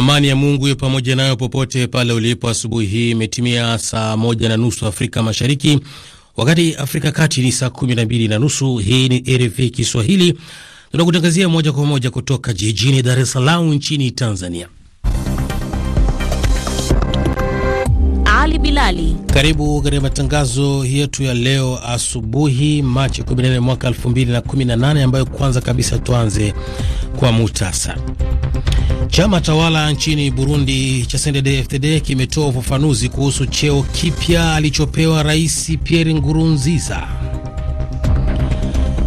Amani ya Mungu iwe pamoja nayo popote pale ulipo. Asubuhi hii imetimia saa moja na nusu Afrika Mashariki, wakati Afrika Kati ni saa kumi na mbili na nusu. Hii ni RFI Kiswahili, tunakutangazia moja kwa moja kutoka jijini Dar es Salaam nchini Tanzania. Ali Bilali, karibu katika matangazo yetu ya leo asubuhi, Machi 14 mwaka 2018, ambayo kwanza kabisa tuanze kwa muhtasari Chama tawala nchini Burundi cha CNDD-FDD kimetoa ufafanuzi kuhusu cheo kipya alichopewa Rais Pierre ngurunziza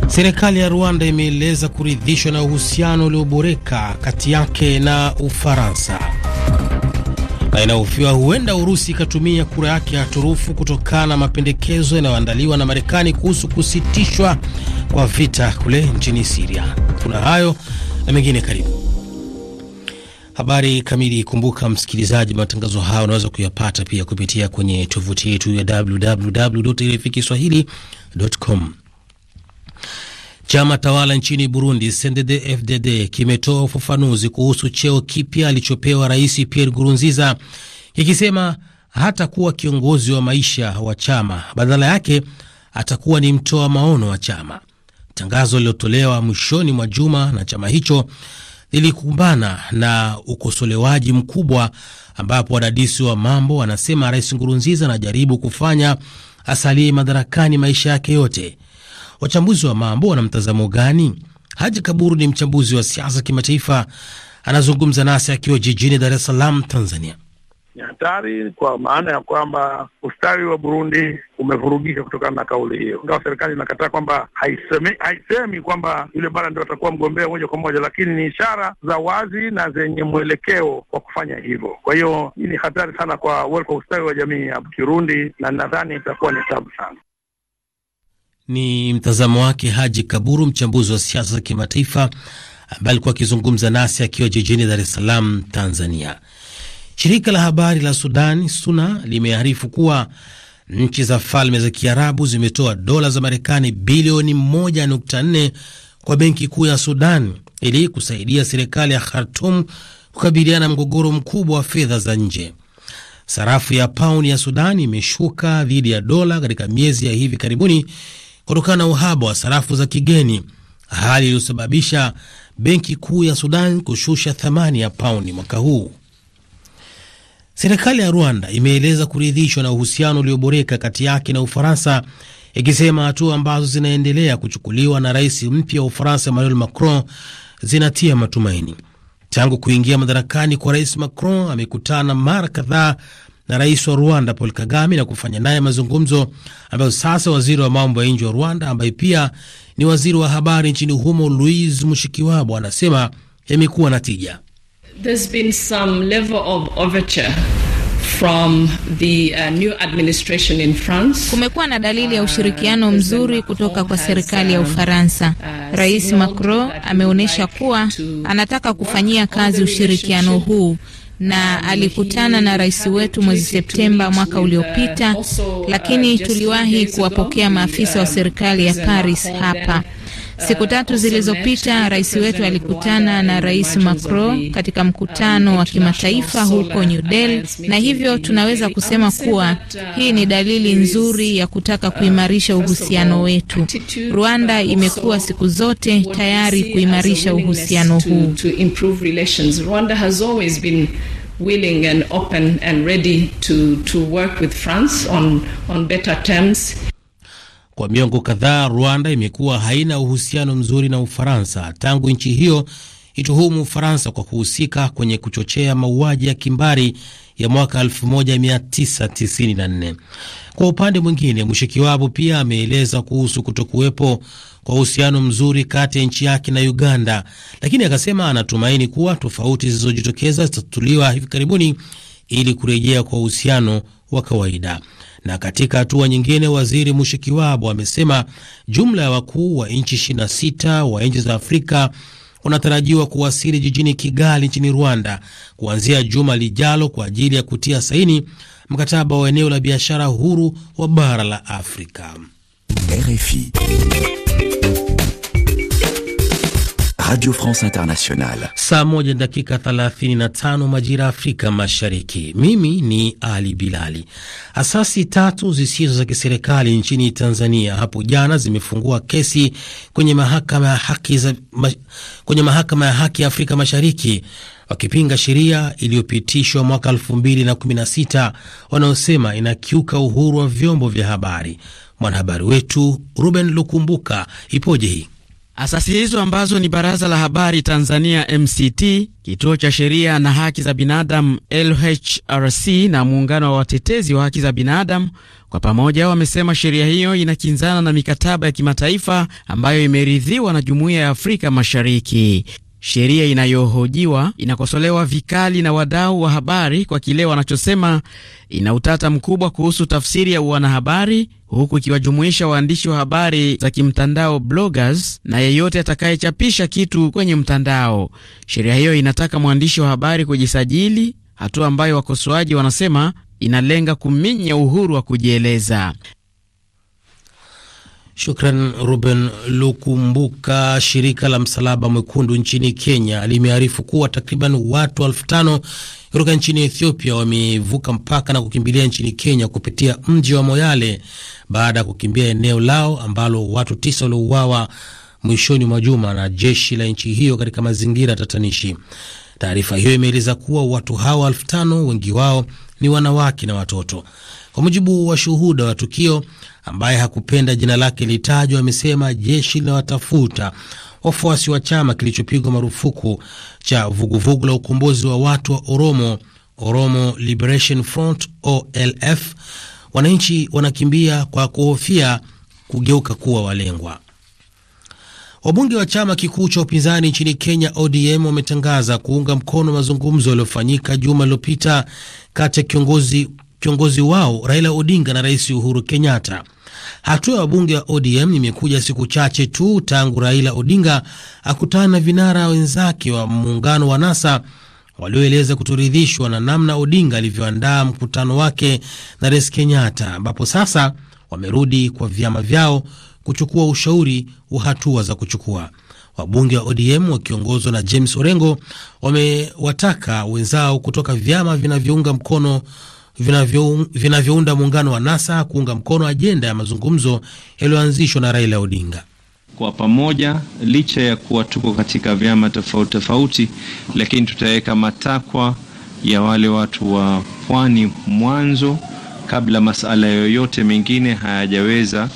Serikali ya Rwanda imeeleza kuridhishwa na uhusiano ulioboreka kati yake na Ufaransa. Na inahofiwa huenda Urusi ikatumia kura yake ya turufu kutokana na mapendekezo yanayoandaliwa na Marekani kuhusu kusitishwa kwa vita kule nchini Siria. Kuna hayo na mengine, karibu Habari kamili. Kumbuka msikilizaji, matangazo haya unaweza kuyapata pia kupitia kwenye tovuti yetu ya www.rfikiswahili.com. Chama tawala nchini Burundi CNDD-FDD kimetoa ufafanuzi kuhusu cheo kipya alichopewa Rais Pierre Nkurunziza kikisema hatakuwa kiongozi wa maisha wa chama, badala yake atakuwa ni mtoa maono wa chama. Tangazo lililotolewa mwishoni mwa juma na chama hicho lilikumbana na ukosolewaji mkubwa, ambapo wadadisi wa mambo wanasema Rais Nkurunziza anajaribu kufanya asalie madarakani maisha yake yote. Wachambuzi wa mambo wana mtazamo gani? Haji Kaburu ni mchambuzi wa siasa kimataifa, anazungumza nasi akiwa jijini Dar es Salaam, Tanzania ni hatari kwa maana ya kwamba ustawi wa Burundi umevurugika kutokana na kauli hiyo, ingawa serikali inakataa kwamba haisemi, haisemi kwamba yule bara ndio atakuwa mgombea moja kwa moja, lakini ni ishara za wazi na zenye mwelekeo wa kufanya hivyo. Kwa hiyo hii ni hatari sana kwa kwa ustawi wa jamii ya Kirundi, na nadhani itakuwa ni tabu sana. Ni mtazamo wake Haji Kaburu, mchambuzi wa siasa za kimataifa ambaye alikuwa akizungumza nasi akiwa jijini Dar es Salaam, Tanzania. Shirika la habari la Sudan SUNA limearifu kuwa nchi za Falme za Kiarabu zimetoa dola za Marekani bilioni 1.4 kwa Benki Kuu ya Sudan ili kusaidia serikali ya Khartum kukabiliana na mgogoro mkubwa wa fedha za nje. Sarafu ya pauni ya Sudan imeshuka dhidi ya dola katika miezi ya hivi karibuni kutokana na uhaba wa sarafu za kigeni, hali iliyosababisha Benki Kuu ya Sudan kushusha thamani ya pauni mwaka huu. Serikali ya Rwanda imeeleza kuridhishwa na uhusiano ulioboreka kati yake na Ufaransa, ikisema hatua ambazo zinaendelea kuchukuliwa na rais mpya wa Ufaransa Emmanuel Macron zinatia matumaini. Tangu kuingia madarakani kwa rais Macron, amekutana mara kadhaa na rais wa Rwanda Paul Kagame na kufanya naye mazungumzo, ambayo sasa waziri wa mambo ya nje wa Rwanda ambaye pia ni waziri wa habari nchini humo Louise Mushikiwabo anasema yamekuwa na tija. There's been some level of overture from the uh, new administration in France. Kumekuwa na dalili ya uh, ushirikiano mzuri kutoka kwa serikali ya um, Ufaransa. Uh, rais Macron ameonyesha kuwa anataka kufanyia kazi ushirikiano huu na uh, alikutana na rais wetu mwezi Septemba mwaka uliopita, lakini tuliwahi kuwapokea maafisa wa um, serikali ya Paris hapa. Siku tatu zilizopita rais wetu alikutana na rais Macron katika mkutano wa kimataifa huko New Delhi, na hivyo tunaweza kusema kuwa hii ni dalili nzuri ya kutaka kuimarisha uhusiano wetu. Rwanda imekuwa siku zote tayari kuimarisha uhusiano huu. willing and open and ready to, to work with France on, on better terms. Kwa miongo kadhaa, Rwanda imekuwa haina uhusiano mzuri na Ufaransa tangu nchi hiyo ituhumu Ufaransa kwa kuhusika kwenye kuchochea mauaji ya kimbari ya mwaka 1994. Kwa upande mwingine, Mushikiwabo pia ameeleza kuhusu kutokuwepo kwa uhusiano mzuri kati ya nchi yake na Uganda, lakini akasema anatumaini kuwa tofauti zilizojitokeza zitatuliwa hivi karibuni ili kurejea kwa uhusiano wa kawaida. Na katika hatua nyingine, waziri Mushikiwabo amesema jumla ya wakuu wa nchi 26 wa nchi za Afrika wanatarajiwa kuwasili jijini Kigali nchini Rwanda kuanzia juma lijalo kwa ajili ya kutia saini mkataba wa eneo la biashara huru wa bara la Afrika. RFI. Radio France Internationale. Saa moja dakika 35 majira Afrika Mashariki. Mimi ni Ali Bilali. Asasi tatu zisizo za kiserikali nchini Tanzania hapo jana zimefungua kesi kwenye mahakama ya haki za, ma, kwenye mahakama ya haki Afrika Mashariki wakipinga sheria iliyopitishwa mwaka 2016 wanaosema inakiuka uhuru wa vyombo vya habari. Mwanahabari wetu Ruben Lukumbuka ipoje hii? Asasi hizo ambazo ni Baraza la Habari Tanzania MCT, Kituo cha Sheria na Haki za Binadamu LHRC na Muungano wa Watetezi wa Haki za Binadamu kwa pamoja wamesema sheria hiyo inakinzana na mikataba ya kimataifa ambayo imeridhiwa na Jumuiya ya Afrika Mashariki sheria inayohojiwa inakosolewa vikali na wadau wa habari kwa kile wanachosema ina utata mkubwa kuhusu tafsiri ya wanahabari, huku ikiwajumuisha waandishi wa habari za kimtandao bloggers, na yeyote atakayechapisha kitu kwenye mtandao. Sheria hiyo inataka mwandishi wa habari kujisajili, hatua ambayo wakosoaji wanasema inalenga kuminya uhuru wa kujieleza. Shukran Ruben Lukumbuka. Shirika la Msalaba Mwekundu nchini Kenya limearifu kuwa takriban watu elfu tano kutoka nchini Ethiopia wamevuka mpaka na kukimbilia nchini Kenya kupitia mji wa Moyale baada ya kukimbia eneo lao ambalo watu tisa waliouawa mwishoni mwa juma na jeshi la nchi hiyo katika mazingira tatanishi. Taarifa hiyo imeeleza kuwa watu hawa elfu tano wengi wao ni wanawake na watoto. Kwa mujibu wa shuhuda wa tukio, ambaye hakupenda jina lake litajwa, amesema jeshi linawatafuta wafuasi wa chama kilichopigwa marufuku cha vuguvugu la ukombozi wa watu wa Oromo, Oromo Liberation Front OLF. Wananchi wanakimbia kwa kuhofia kugeuka kuwa walengwa. Wabunge wa chama kikuu cha upinzani nchini Kenya, ODM, wametangaza kuunga mkono mazungumzo yaliyofanyika juma lililopita kati ya kiongozi, kiongozi wao Raila Odinga na Rais Uhuru Kenyatta. Hatua ya wabunge wa ODM imekuja siku chache tu tangu Raila Odinga akutana na vinara wenzake wa muungano wa NASA walioeleza kutoridhishwa na namna Odinga alivyoandaa mkutano wake na Rais Kenyatta, ambapo sasa wamerudi kwa vyama vyao kuchukua ushauri wa hatua za kuchukua. Wabunge wa ODM wakiongozwa na James Orengo wamewataka wenzao kutoka vyama vinavyounga mkono vinavyounda vina muungano wa NASA kuunga mkono ajenda ya mazungumzo yaliyoanzishwa na Raila Odinga. Kwa pamoja, licha ya kuwa tuko katika vyama tofauti tofauti, lakini tutaweka matakwa ya wale watu wa pwani mwanzo kabla masala yoyote mengine hayajaweza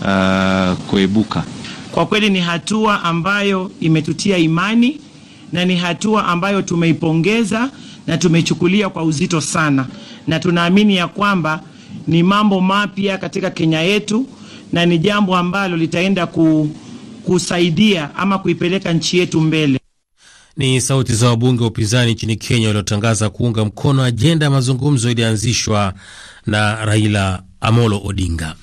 uh, kuibuka. Kwa kweli ni hatua ambayo imetutia imani na ni hatua ambayo tumeipongeza na tumechukulia kwa uzito sana, na tunaamini ya kwamba ni mambo mapya katika Kenya yetu na ni jambo ambalo litaenda ku, kusaidia ama kuipeleka nchi yetu mbele. Ni sauti za wabunge wa upinzani nchini Kenya waliotangaza kuunga mkono ajenda ya mazungumzo iliyoanzishwa na Raila Amolo Odinga.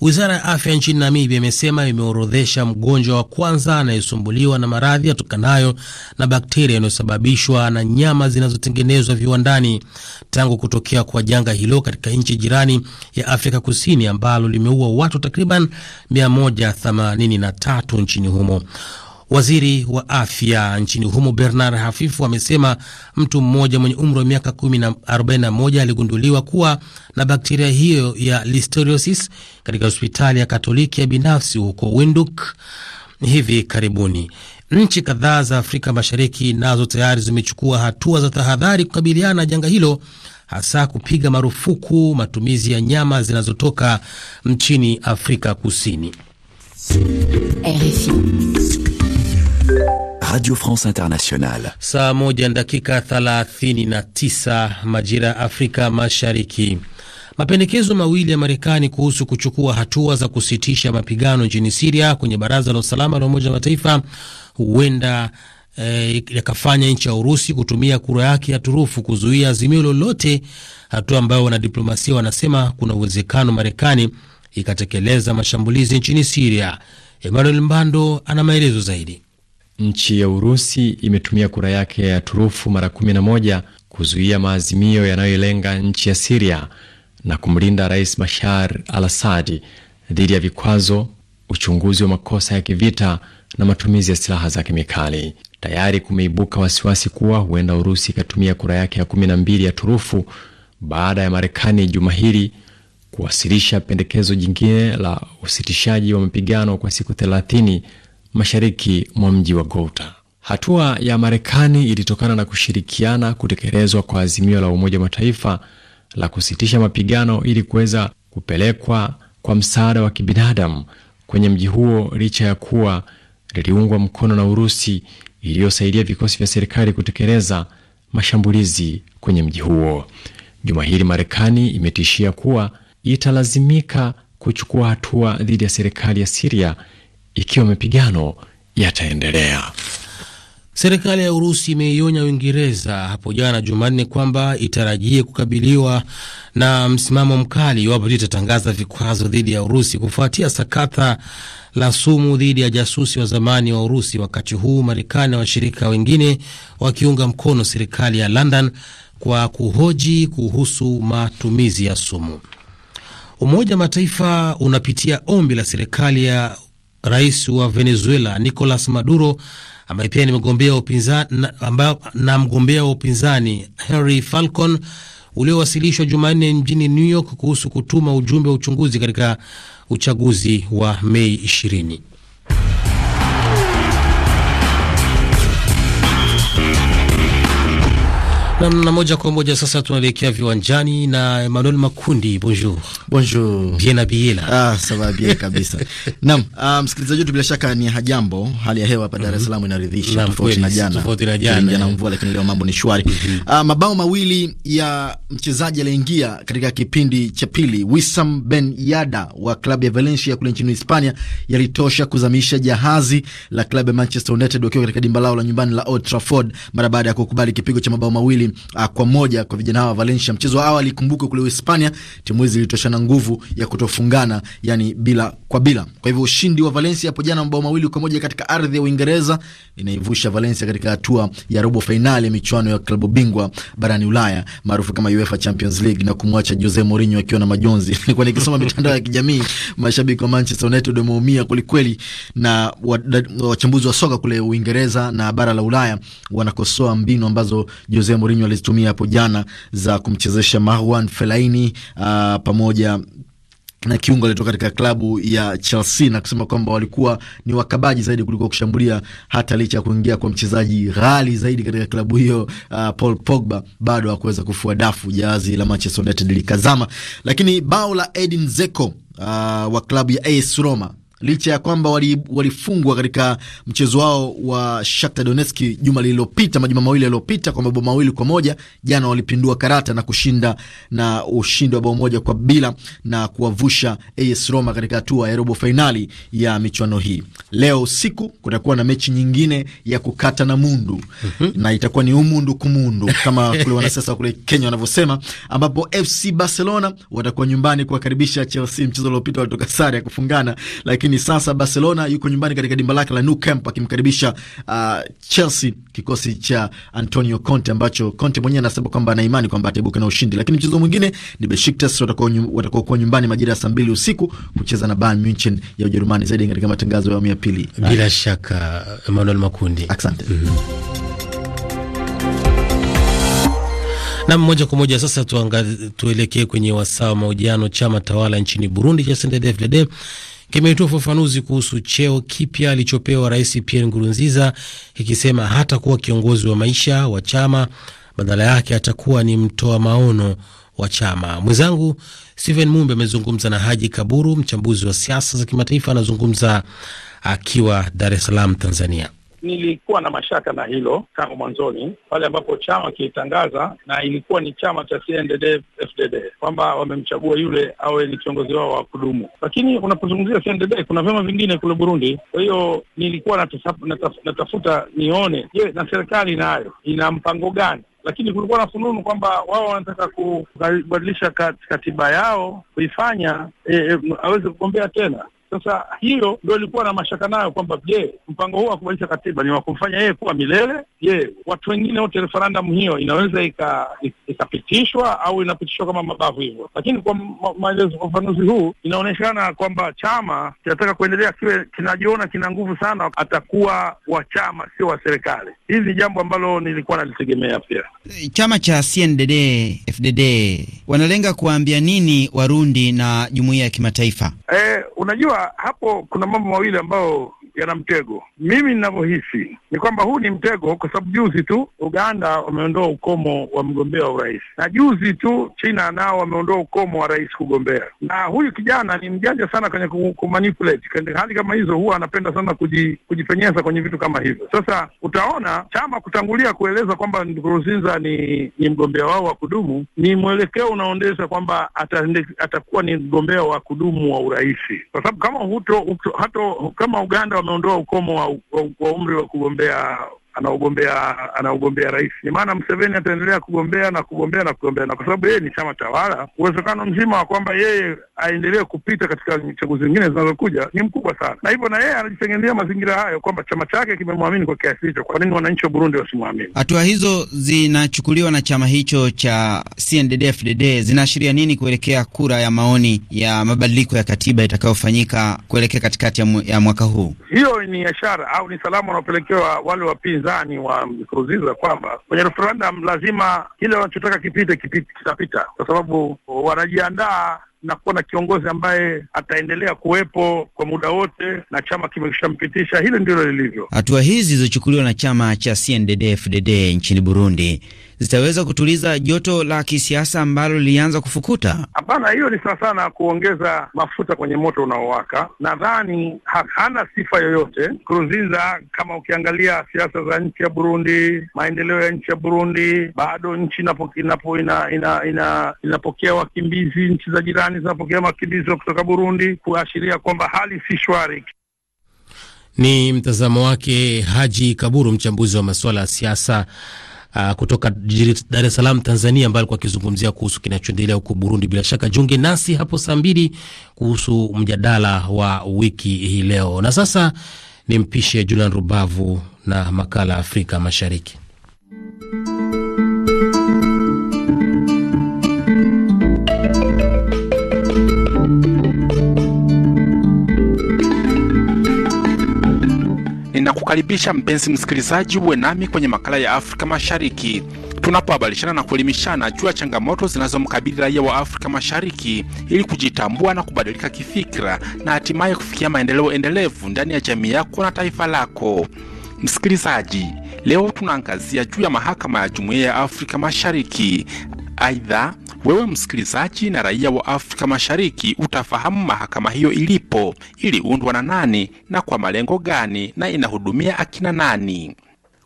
Wizara ya afya nchini Namibia imesema imeorodhesha mgonjwa wa kwanza anayesumbuliwa na maradhi yatokanayo na bakteria yanayosababishwa na nyama zinazotengenezwa viwandani tangu kutokea kwa janga hilo katika nchi jirani ya Afrika Kusini ambalo limeua watu takriban 183 nchini humo. Waziri wa afya nchini humo Bernard Hafifu amesema mtu mmoja mwenye umri wa miaka 41 aligunduliwa kuwa na bakteria hiyo ya listeriosis katika hospitali ya Katoliki ya binafsi huko Windhoek hivi karibuni. Nchi kadhaa za Afrika Mashariki nazo tayari zimechukua hatua za tahadhari kukabiliana na janga hilo, hasa kupiga marufuku matumizi ya nyama zinazotoka nchini Afrika Kusini. RFI. Radio France Internationale. Saa moja na dakika 39 majira ya Afrika Mashariki. Mapendekezo mawili ya Marekani kuhusu kuchukua hatua za kusitisha mapigano nchini Siria kwenye Baraza la Usalama la Umoja wa Mataifa huenda eh, yakafanya e, nchi ya Urusi kutumia kura yake ya turufu kuzuia azimio lolote, hatua ambayo wanadiplomasia wanasema kuna uwezekano Marekani ikatekeleza mashambulizi nchini Siria. Emmanuel Mbando ana maelezo zaidi nchi ya Urusi imetumia kura yake ya turufu mara 11 kuzuia maazimio yanayolenga nchi ya Siria na kumlinda Rais Bashar al Assadi dhidi ya vikwazo, uchunguzi wa makosa ya kivita na matumizi ya silaha za kemikali. Tayari kumeibuka wasiwasi kuwa huenda Urusi ikatumia kura yake ya 12 ya turufu baada ya Marekani juma hili kuwasilisha pendekezo jingine la usitishaji wa mapigano kwa siku 30 mashariki mwa mji wa Gouta. Hatua ya Marekani ilitokana na kushirikiana kutekelezwa kwa azimio la Umoja wa Mataifa la kusitisha mapigano ili kuweza kupelekwa kwa msaada wa kibinadamu kwenye mji huo, licha ya kuwa liliungwa mkono na Urusi iliyosaidia vikosi vya serikali kutekeleza mashambulizi kwenye mji huo. Juma hili Marekani imetishia kuwa italazimika kuchukua hatua dhidi ya serikali ya Siria ikiwa mapigano yataendelea. Serikali ya Urusi imeionya Uingereza hapo jana Jumanne kwamba itarajie kukabiliwa na msimamo mkali iwapo tu itatangaza vikwazo dhidi ya Urusi kufuatia sakata la sumu dhidi ya jasusi wa zamani wa Urusi, wakati huu Marekani na washirika wengine wakiunga mkono serikali ya London kwa kuhoji kuhusu matumizi ya sumu. Umoja wa Mataifa unapitia ombi la serikali ya rais wa Venezuela Nicolas Maduro ambaye pia ni mgombea upinzani na, na mgombea wa upinzani Henry Falcon uliowasilishwa Jumanne mjini New York kuhusu kutuma ujumbe wa uchunguzi katika uchaguzi wa Mei 20. Na moja kwa moja sasa tunaelekea viwanjani na Emmanuel Makundi. Bonjour. Bonjour. Bien habillé. Ah, ça va bien kabisa. Naam, uh, ah, msikilizaji wetu bila shaka ni hajambo. Hali ya hewa hapa Dar es mhm. Salaam inaridhisha tofauti na jana. Tofauti na jana. Jana mvua lakini leo mambo ni shwari. Uh, mabao mawili ya mchezaji aliyeingia katika kipindi cha pili Wissam Ben Yada wa klabu ya Valencia kule nchini Hispania yalitosha kuzamisha jahazi la klabu ya Manchester United wakiwa katika dimba lao la nyumbani la Old Trafford mara baada ya kukubali kipigo cha mabao mawili uh, kwa moja kwa vijana hawa Valencia. Mchezo wa awali kumbuke, kule Hispania timu hizi zilitoshana nguvu ya kutofungana, yani bila kwa bila. Kwa hivyo ushindi wa Valencia hapo jana mabao mawili kwa moja katika ardhi ya Uingereza inaivusha Valencia katika hatua ya robo fainali ya michuano ya klabu bingwa barani Ulaya maarufu kama UEFA Champions League na kumwacha Jose Mourinho akiwa na majonzi. Nilikuwa nikisoma mitandao ya kijamii, mashabiki wa Manchester United wameumia kwelikweli, na wachambuzi wa soka kule Uingereza na bara la Ulaya wanakosoa mbinu ambazo Jose Mourinho Mourinho alizitumia hapo jana za kumchezesha Marwan Fellaini uh, pamoja na kiungo alitoka katika klabu ya Chelsea na kusema kwamba walikuwa ni wakabaji zaidi kuliko kushambulia, hata licha ya kuingia kwa mchezaji ghali zaidi katika klabu hiyo uh, Paul Pogba, bado hakuweza kufua dafu, jahazi la Manchester United likazama. Lakini bao la Edin zeco uh, wa klabu ya AS Roma licha ya kwamba walifungwa wali katika mchezo wao wa Shakhtar Donetsk juma lililopita, majuma mawili yaliyopita kwa mabao mawili kwa moja. Jana walipindua karata na kushinda na ushindi wa bao moja kwa bila na kuwavusha AS Roma katika hatua ya robo fainali ya michuano hii. Leo usiku kutakuwa na mechi nyingine ya kukata na mundu mm -hmm. na itakuwa ni umundu kumundu kama kule wanasiasa kule Kenya wanavyosema, ambapo FC Barcelona watakuwa nyumbani kuwakaribisha Chelsea. Mchezo uliopita walitoka sare ya kufungana lakini lakini sasa Barcelona yuko nyumbani katika dimba lake la Nou Camp akimkaribisha uh, Chelsea, kikosi cha Antonio Conte ambacho Conte mwenyewe anasema kwamba ana imani kwamba ataibuka na ushindi. Lakini mchezo mwingine ni Besiktas watakuwa kuwa nyumbani majira ya saa mbili usiku kucheza na Bayern Munich ya Ujerumani. Zaidi katika matangazo ya awamu ya pili, bila shaka Emmanuel Makundi, asante mm -hmm. Na moja kwa moja sasa tuelekee kwenye wasaa wa mahojiano. Chama tawala nchini Burundi cha CNDD-FDD kimetoa ufafanuzi kuhusu cheo kipya alichopewa Rais Pierre Nkurunziza, ikisema hatakuwa kiongozi wa maisha wa chama, badala yake atakuwa ni mtoa maono wa chama. Mwenzangu Stephen Mumbe amezungumza na Haji Kaburu, mchambuzi wa siasa za kimataifa, anazungumza akiwa Dar es Salaam, Tanzania nilikuwa na mashaka na hilo tangu mwanzoni, pale ambapo chama kilitangaza, na ilikuwa ni chama cha CNDD FDD, kwamba wamemchagua yule awe ni kiongozi wao wa kudumu. Lakini unapozungumzia CNDD kuna vyama vingine kule Burundi. Kwa hiyo nilikuwa natafuta, natafuta nione, je, na serikali nayo ina mpango gani? lakini kulikuwa na fununu kwamba wao wanataka kubadilisha katiba yao kuifanya e, e, aweze kugombea tena. Sasa hiyo ndio ilikuwa na mashaka nayo kwamba je, mpango huu wa kubadilisha katiba ni wa kumfanya yeye kuwa milele? Je, watu wengine wote referendum hiyo inaweza ikapitishwa ika au inapitishwa kama mabavu hivyo? Lakini kwa maelezo, ma, ufafanuzi huu inaonekana kwamba chama kinataka kuendelea kiwe kinajiona kina nguvu sana, atakuwa wa chama, sio wa serikali. Hili ni jambo ambalo nilikuwa nalitegemea pia. Chama cha CNDD FDD wanalenga kuwaambia nini Warundi na jumuiya ya kimataifa? E, unajua hapo kuna mambo mawili ambayo yana mtego. Mimi ninavyohisi ni kwamba huu ni mtego, kwa sababu juzi tu Uganda wameondoa ukomo wa mgombea wa urais, na juzi tu China nao wameondoa ukomo wa rais kugombea. Na huyu kijana ni mjanja sana kwenye kumanipulate hali kama hizo, huwa anapenda sana kuji, kujipenyeza kwenye vitu kama hivyo. Sasa utaona chama kutangulia kueleza kwamba Nkurunziza ni, ni mgombea wao wa kudumu, ni mwelekeo unaondesha kwamba atakuwa ni mgombea wa kudumu wa urais, kwa sababu kama huto, huto, hato, kama Uganda ameondoa ukomo wa, wa, wa umri wa kugombea anaogombea anaogombea rais. Ni maana Mseveni ataendelea kugombea na kugombea na kugombea, na kwa sababu yeye ni chama tawala, uwezekano mzima wa kwamba yeye aendelee kupita katika chaguzi zingine zinazokuja ni mkubwa sana, na hivyo na yeye anajitengenezea mazingira hayo kwamba chama chake kimemwamini kwa kiasi hicho. Kwa nini wananchi wa Burundi wasimwamini? Hatua hizo zinachukuliwa na chama hicho cha CNDD-FDD zinaashiria nini kuelekea kura ya maoni ya mabadiliko ya katiba itakayofanyika kuelekea katikati ya, ya mwaka huu? Hiyo ni ishara au ni salamu wanaopelekewa wale wapinza upinzani wa Nkurunziza kwamba kwenye referendum lazima kile wanachotaka kipite kitapita, kwa sababu wanajiandaa na kuwa na kiongozi ambaye ataendelea kuwepo kwa muda wote na chama kimeshampitisha. hili ndilo lilivyo. Hatua hizi zilizochukuliwa na chama cha CNDD-FDD nchini Burundi zitaweza kutuliza joto la kisiasa ambalo lilianza kufukuta? Hapana, hiyo ni sana sana kuongeza mafuta kwenye moto unaowaka. Nadhani hana sifa yoyote kruzinza Kama ukiangalia siasa za nchi ya Burundi, maendeleo ya nchi ya Burundi, bado nchi inapokea ina, ina, ina, inapokea wakimbizi, nchi za jirani zinapokea wakimbizi kutoka Burundi, kuashiria kwamba hali si shwari. Ni mtazamo wake Haji Kaburu, mchambuzi wa masuala ya siasa uh, kutoka jijini Dar es Salaam, Tanzania, ambaye alikuwa akizungumzia kuhusu kinachoendelea huko Burundi. Bila shaka jiunge nasi hapo saa mbili kuhusu mjadala wa wiki hii leo, na sasa nimpishe Julian Rubavu na makala ya Afrika Mashariki. Ninakukaribisha mpenzi msikilizaji, uwe nami kwenye makala ya Afrika Mashariki tunapohabarishana na kuelimishana juu ya changamoto zinazomkabili raia wa Afrika Mashariki ili kujitambua na kubadilika kifikra na hatimaye kufikia maendeleo endelevu ndani ya jamii yako na taifa lako. Msikilizaji, leo tunaangazia juu ya mahakama ya Jumuiya ya Afrika Mashariki. Aidha, wewe msikilizaji na raia wa Afrika Mashariki utafahamu mahakama hiyo ilipo, iliundwa na nani na kwa malengo gani, na inahudumia akina nani?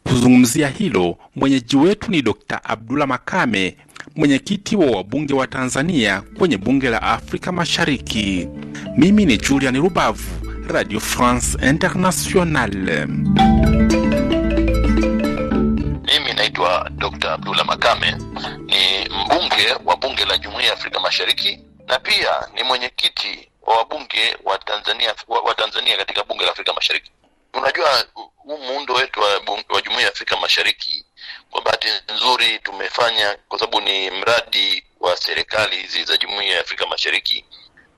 Kuzungumzia hilo mwenyeji wetu ni Dr. Abdullah Makame, mwenyekiti wa wabunge wa Tanzania kwenye bunge la Afrika Mashariki. Mimi ni Julian Rubavu, Radio France Internationale anaitwa Dr. Abdullah Makame ni mbunge wa bunge la Jumuiya ya Afrika Mashariki na pia ni mwenyekiti wa wabunge wa Tanzania, wa, Tanzania katika bunge la Afrika Mashariki. Unajua huu muundo wetu wa, wa Jumuiya ya Afrika Mashariki kwa bahati nzuri tumefanya kwa sababu ni mradi wa serikali hizi za Jumuiya ya Afrika Mashariki,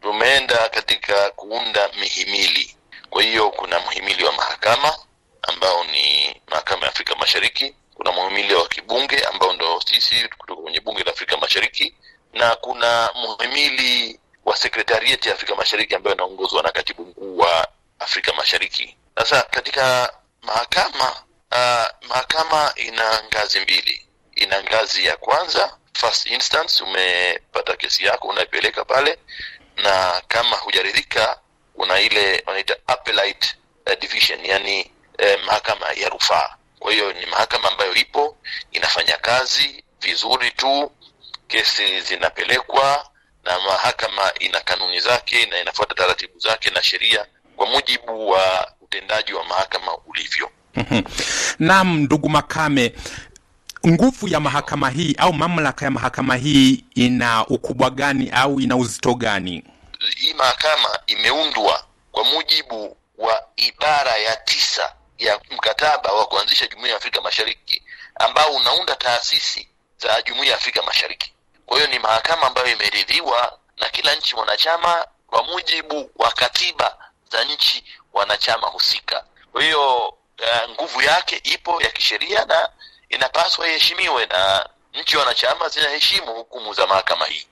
tumeenda katika kuunda mihimili. Kwa hiyo kuna mhimili wa mahakama ambao ni mahakama ya Afrika Mashariki, kuna muhimili wa kibunge ambao ndo sisi kutoka kwenye bunge la Afrika Mashariki, na kuna muhimili wa sekretarieti ya Afrika Mashariki ambayo inaongozwa na katibu mkuu wa Afrika Mashariki. Sasa katika mahakama uh, mahakama ina ngazi mbili. Ina ngazi ya kwanza first instance, umepata kesi yako unaipeleka pale, na kama hujaridhika kuna ile wanaita appellate uh, division, yani eh, mahakama ya rufaa kwa hiyo ni mahakama ambayo ipo inafanya kazi vizuri tu, kesi zinapelekwa na mahakama ina kanuni zake na inafuata taratibu zake na sheria kwa mujibu wa utendaji wa mahakama ulivyo. Mhm. Naam, ndugu Makame, nguvu ya mahakama hii au mamlaka ya mahakama hii ina ukubwa gani au ina uzito gani? Hii mahakama imeundwa kwa mujibu wa ibara ya tisa ya mkataba wa kuanzisha Jumuiya ya Afrika Mashariki ambao unaunda taasisi za Jumuiya ya Afrika Mashariki. Kwa hiyo ni mahakama ambayo imeridhiwa na kila nchi mwanachama kwa mujibu wa katiba za nchi wanachama husika. Kwa hiyo uh, nguvu yake ipo ya kisheria na inapaswa iheshimiwe na nchi wanachama zinaheshimu hukumu za mahakama hii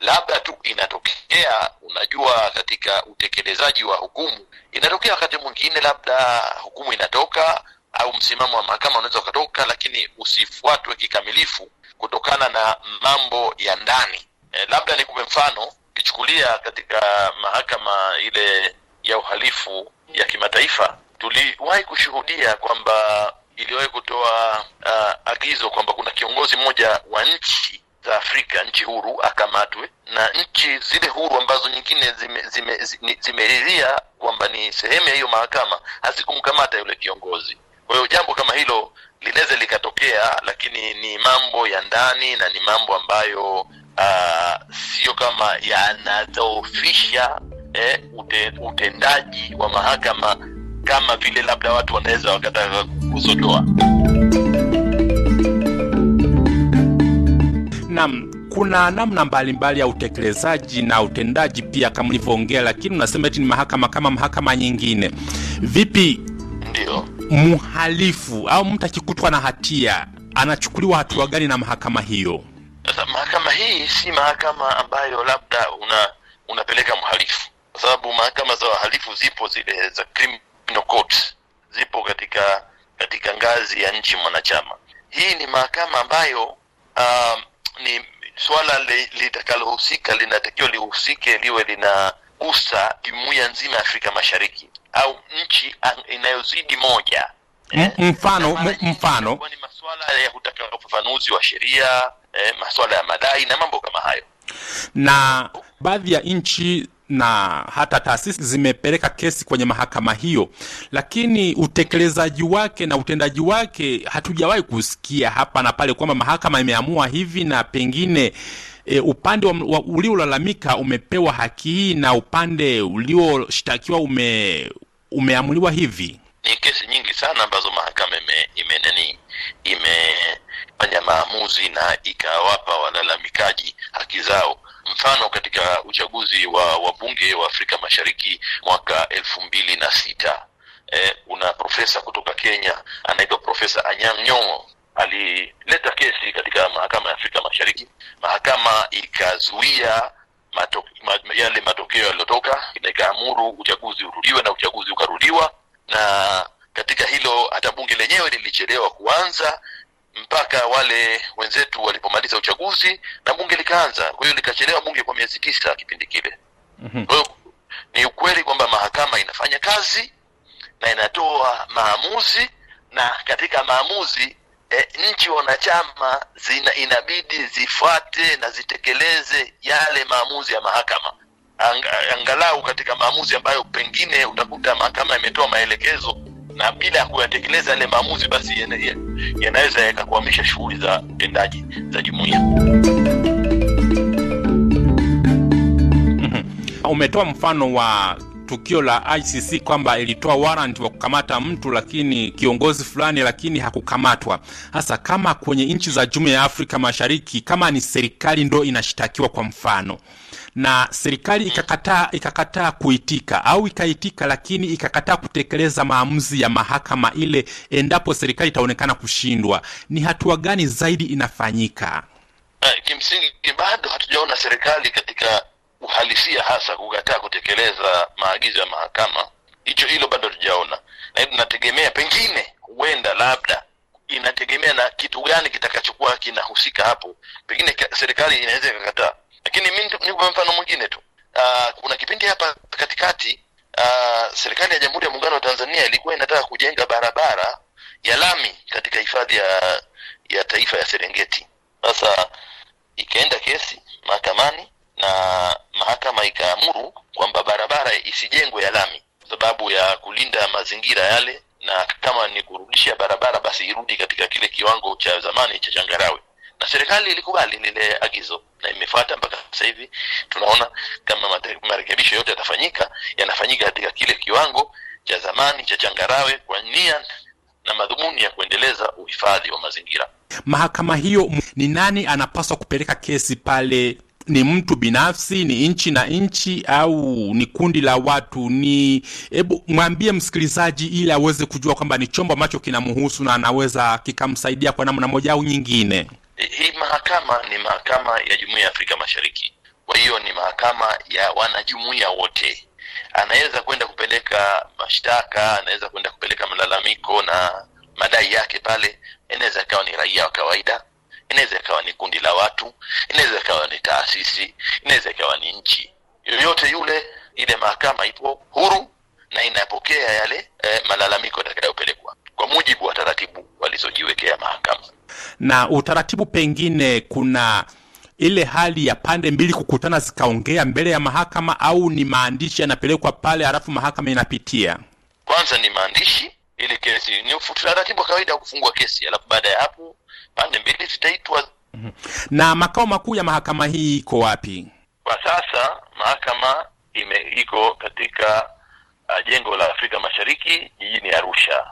labda tu inatokea, unajua, katika utekelezaji wa hukumu inatokea wakati mwingine, labda hukumu inatoka au msimamo wa mahakama unaweza ukatoka, lakini usifuatwe kikamilifu kutokana na mambo ya ndani. E, labda nikupe mfano. Ukichukulia katika mahakama ile ya uhalifu ya kimataifa, tuliwahi kushuhudia kwamba iliwahi kutoa uh, agizo kwamba kuna kiongozi mmoja wa nchi za Afrika, nchi huru, akamatwe na nchi zile huru ambazo nyingine zimelilia zime, zime, zime kwamba ni sehemu ya hiyo mahakama hazikumkamata yule kiongozi. Kwa hiyo jambo kama hilo linaweza likatokea, lakini ni mambo ya ndani na ni mambo ambayo uh, sio kama yanadhoofisha eh, ute, utendaji wa mahakama kama vile labda watu wanaweza wakataka kuzodoa. Naam, kuna namna mbalimbali ya utekelezaji na utendaji pia kama ulivyoongea, lakini unasema eti ni mahakama kama mahakama nyingine. Vipi? Ndio mhalifu au mtu akikutwa na hatia anachukuliwa hatua gani na mahakama hiyo? Sasa mahakama hii si mahakama ambayo labda una unapeleka mhalifu, kwa sababu mahakama za wahalifu zipo zile za criminal court, zipo katika katika ngazi ya nchi mwanachama. Hii ni mahakama ambayo um, ni swala litakalohusika li linatakiwa lihusike liwe linagusa jumuiya nzima ya Afrika Mashariki au nchi inayozidi moja. Eh, mfano mfano ni masuala ya kutaka ufafanuzi wa sheria eh, masuala ya madai na mambo kama hayo, na baadhi ya nchi na hata taasisi zimepeleka kesi kwenye mahakama hiyo, lakini utekelezaji wake na utendaji wake hatujawahi kusikia hapa na pale kwamba mahakama imeamua hivi na pengine E, upande uliolalamika umepewa haki hii na upande ulioshtakiwa ume, umeamuliwa hivi. Ni kesi nyingi sana ambazo mahakama imenani imefanya maamuzi na ikawapa walalamikaji haki zao Mfano, katika uchaguzi wa wabunge wa Afrika Mashariki mwaka elfu mbili na sita e, kuna una profesa kutoka Kenya anaitwa Profesa Anyang' Nyong'o alileta kesi katika mahakama ya Afrika Mashariki. Mahakama ikazuia mato, ma, yale matokeo yaliyotoka na ikaamuru uchaguzi urudiwe na uchaguzi ukarudiwa, na katika hilo hata bunge lenyewe lilichelewa kuanza mpaka wale wenzetu walipomaliza uchaguzi na bunge likaanza. Kwa hiyo likachelewa bunge kwa miezi tisa kipindi kile. mm-hmm. ni ukweli kwamba mahakama inafanya kazi na inatoa maamuzi, na katika maamuzi e, nchi wanachama zina, inabidi zifuate na zitekeleze yale maamuzi ya mahakama Ang, angalau katika maamuzi ambayo pengine utakuta mahakama imetoa maelekezo na bila ya kuyatekeleza yale maamuzi, basi yanaweza yakakuamisha shughuli za utendaji za jumuiya. Mhm. Umetoa mfano wa tukio la ICC kwamba ilitoa warrant wa kukamata mtu lakini kiongozi fulani, lakini hakukamatwa. Hasa kama kwenye nchi za Jumuiya ya Afrika Mashariki, kama ni serikali ndo inashtakiwa kwa mfano na serikali mm. ikakataa ikakataa kuitika au ikaitika, lakini ikakataa kutekeleza maamuzi ya mahakama ile endapo serikali itaonekana kushindwa, ni hatua gani zaidi inafanyika? Eh, kimsingi bado hatujaona serikali katika uhalisia hasa kukataa kutekeleza maagizo ya mahakama, hicho hilo bado hatujaona, na tunategemea pengine, huenda, labda inategemea na kitu gani kitakachokuwa kinahusika hapo. Pengine serikali inaweza ikakataa lakini mi nikupe mfano mwingine tu. Uh, kuna kipindi hapa katikati uh, serikali ya Jamhuri ya Muungano wa Tanzania ilikuwa inataka kujenga barabara ya lami katika hifadhi ya ya taifa ya Serengeti. Sasa ikaenda kesi mahakamani na mahakama ikaamuru kwamba barabara isijengwe ya lami kwa sababu ya kulinda mazingira yale, na kama ni kurudisha barabara basi irudi katika kile kiwango cha zamani cha changarawe na serikali ilikubali lile agizo na imefuata mpaka sasa hivi. Tunaona kama marekebisho yote yatafanyika, yanafanyika katika kile kiwango cha zamani cha changarawe kwa nia na madhumuni ya kuendeleza uhifadhi wa mazingira. Mahakama hiyo ni nani anapaswa kupeleka kesi pale? Ni mtu binafsi, ni nchi na nchi, au ni kundi la watu? Ni hebu mwambie msikilizaji, ili aweze kujua kwamba ni chombo ambacho kinamhusu na anaweza kikamsaidia kwa namna moja au nyingine hii mahakama ni mahakama ya jumuia ya Afrika Mashariki, kwa hiyo ni mahakama ya wanajumuia wote. Anaweza kwenda kupeleka mashtaka, anaweza kwenda kupeleka malalamiko na madai yake pale. Inaweza ikawa ni raia wa kawaida, inaweza ikawa ni kundi la watu, inaweza ikawa ni taasisi, inaweza ikawa ni nchi yoyote yule. Ile mahakama ipo huru na inapokea yale eh, malalamiko yatakayopelekwa kwa mujibu wa taratibu walizojiwekea mahakama na utaratibu, pengine kuna ile hali ya pande mbili kukutana zikaongea mbele ya mahakama, au ni maandishi yanapelekwa pale halafu mahakama inapitia? Kwanza ni maandishi, ili kesi ni utaratibu wa kawaida wa kufungua kesi, alafu baada ya hapo pande mbili zitaitwa. Mhm. Na makao makuu ya mahakama hii iko wapi kwa sasa? Mahakama ime- iko katika uh, jengo la Afrika Mashariki jijini Arusha,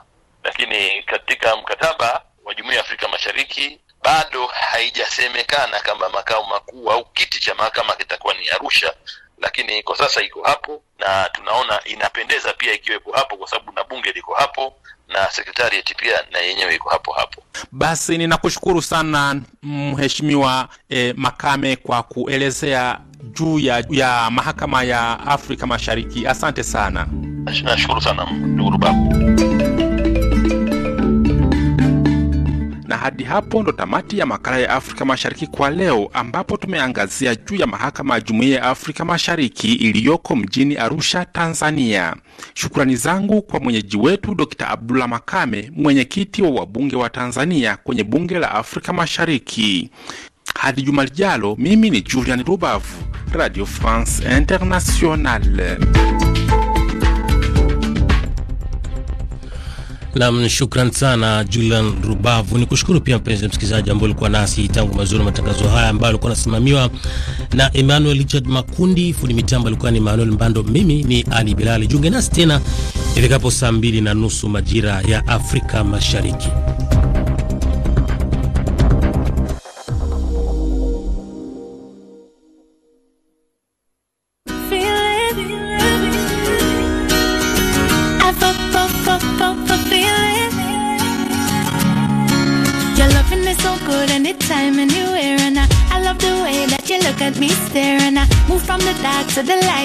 lakini katika mkataba wa Jumuiya ya Afrika Mashariki bado haijasemekana kama makao makuu au kiti cha mahakama kitakuwa ni Arusha, lakini kwa sasa iko hapo na tunaona inapendeza pia ikiwepo hapo, kwa sababu na bunge liko hapo na sekretarieti pia na yenyewe iko hapo hapo. Basi ninakushukuru sana Mheshimiwa e, Makame kwa kuelezea juu ya, ya mahakama ya Afrika Mashariki. Asante sana, nashukuru sana ndugu Rubavu. Na hadi hapo ndo tamati ya makala ya Afrika Mashariki kwa leo, ambapo tumeangazia juu ya mahakama ya Jumuiya ya Afrika Mashariki iliyoko mjini Arusha, Tanzania. Shukrani zangu kwa mwenyeji wetu Dr. Abdullah Makame, mwenyekiti wa wabunge wa Tanzania kwenye Bunge la Afrika Mashariki. Hadi juma lijalo, mimi ni Julian Rubavu, Radio France Internationale. Nam, shukran sana Julian Rubavu. Ni kushukuru pia mpenzi msikilizaji ambao ulikuwa nasi tangu mazuri matangazo haya ambayo alikuwa anasimamiwa na Emmanuel Richard Makundi, fundi mitambo alikuwa ni Emmanuel Mbando, mimi ni Ali Bilali. Jiunge nasi tena ifikapo saa mbili na nusu majira ya Afrika Mashariki.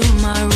Tomorrow.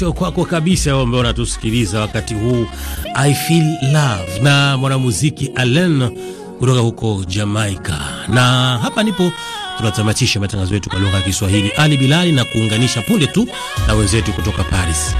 mwisho kwako kabisa, ambao unatusikiliza wakati huu I feel love na mwanamuziki Alen kutoka huko Jamaica. Na hapa ndipo tunatamatisha matangazo yetu kwa lugha ya Kiswahili. Ali Bilali na kuunganisha punde tu na wenzetu kutoka Paris.